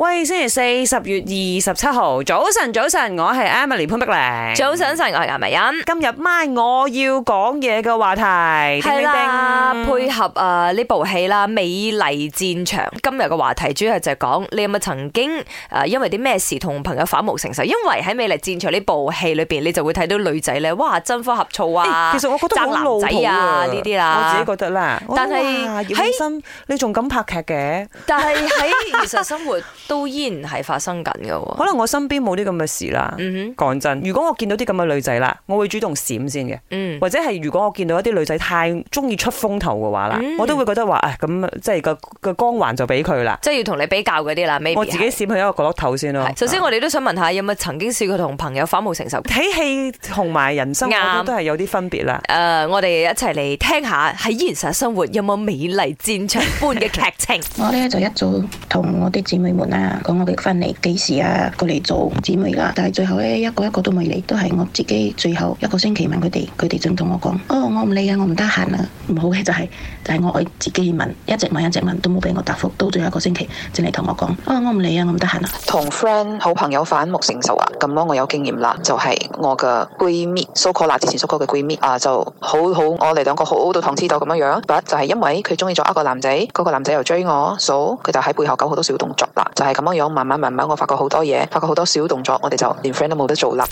喂，星期四，十月二十七號，早晨，早晨，我係 Emily 潘碧玲。早晨，晨，我係顏米欣。今日晚我要講嘢嘅話題係啦，配合誒呢部戲啦，《美麗戰場》。今日嘅話題主要就係講你有冇曾經誒因為啲咩事同朋友反目成仇？因為喺《美麗戰場》呢部戲裏邊，你就會睇到女仔咧，哇，爭風呷醋啊，其實我覺得好露骨啊呢啲啦，我自己覺得啦。但係喺，你仲敢拍劇嘅？但係喺現實生活。都依然係發生緊嘅，可能我身邊冇啲咁嘅事啦。講真，如果我見到啲咁嘅女仔啦，我會主動閃先嘅。或者係如果我見到一啲女仔太中意出風頭嘅話啦，嗯嗯我都會覺得話啊，咁即係個個光環就俾佢啦。即係要同你比較嗰啲啦。Maybe、我自己閃去一個角落頭先咯。首先我哋都想問下，有冇曾經試過同朋友反目成仇？睇戲同埋人生我都係有啲分別啦。誒，我哋、嗯呃、一齊嚟聽下喺現實生活有冇美麗戰場般嘅劇情？ 我呢，就一早同我啲姐妹們講我哋翻嚟幾時啊？過嚟做姊妹啦！但係最後咧，一個一個都未嚟，都係我自己最後一個星期問佢哋，佢哋仲同我講：哦，我唔嚟啊，我唔得閒啊！唔好嘅就係，就係我自己問，一直問一直問，都冇俾我答覆。到最後一個星期，正嚟同我講：哦，我唔嚟啊，我唔得閒啊！同 friend 好朋友反目成仇啊！咁樣我有經驗啦，就係我嘅閨蜜，熟過啦，之前熟過嘅閨蜜啊，就好好我哋兩個好到糖黐豆咁樣樣，就係因為佢中意咗一個男仔，嗰個男仔又追我，所以佢就喺背後搞好多小動作啦，就是係咁樣樣，慢慢慢慢，我發覺好多嘢，發覺好多小動作，我哋就連 friend 都冇得做啦。